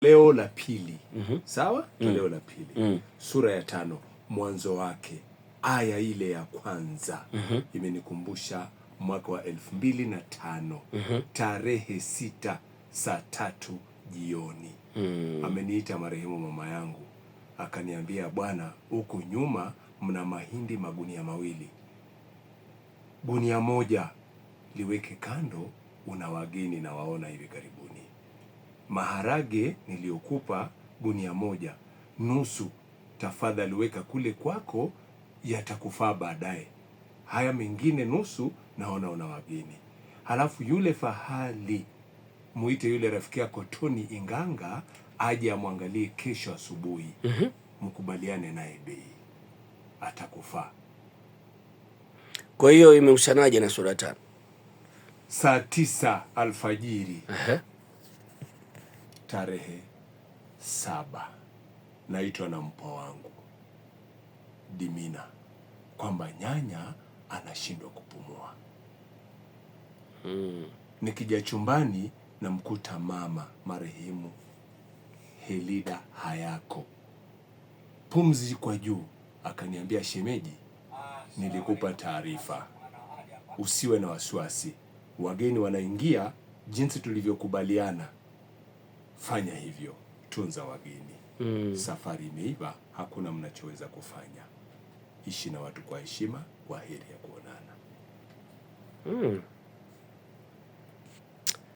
Toleo mhm. mm. la pili mm -hmm. Sawa, toleo mm -hmm. la pili mm -hmm. sura ya tano mwanzo wake aya ile ya kwanza mm -hmm. imenikumbusha mwaka wa elfu mbili na tano mm -hmm. tarehe sita saa tatu jioni mm -hmm. ameniita marehemu mama yangu akaniambia, bwana, huku nyuma mna mahindi magunia mawili, gunia moja liweke kando, una wageni na waona hivi karibuni maharage niliyokupa gunia moja, nusu tafadhali weka kule kwako, yatakufaa baadaye. Haya mengine nusu naona una wageni. Halafu yule fahali muite yule rafiki yako Tony Inganga aje amwangalie kesho asubuhi, mhm. mkubaliane mm -hmm. naye bei, atakufaa. Kwa hiyo imehusanaje na sura tano? Saa tisa alfajiri uh -huh tarehe saba naitwa na mpwa wangu Dimina kwamba nyanya anashindwa kupumua hmm. Nikija chumbani namkuta mama marehemu Helida hayako pumzi kwa juu, akaniambia shemeji, nilikupa taarifa, usiwe na wasiwasi, wageni wanaingia jinsi tulivyokubaliana fanya hivyo, tunza wageni mm. Safari imeiva, hakuna mnachoweza kufanya. Ishi na watu kwa heshima, kwa heri ya kuonana mm.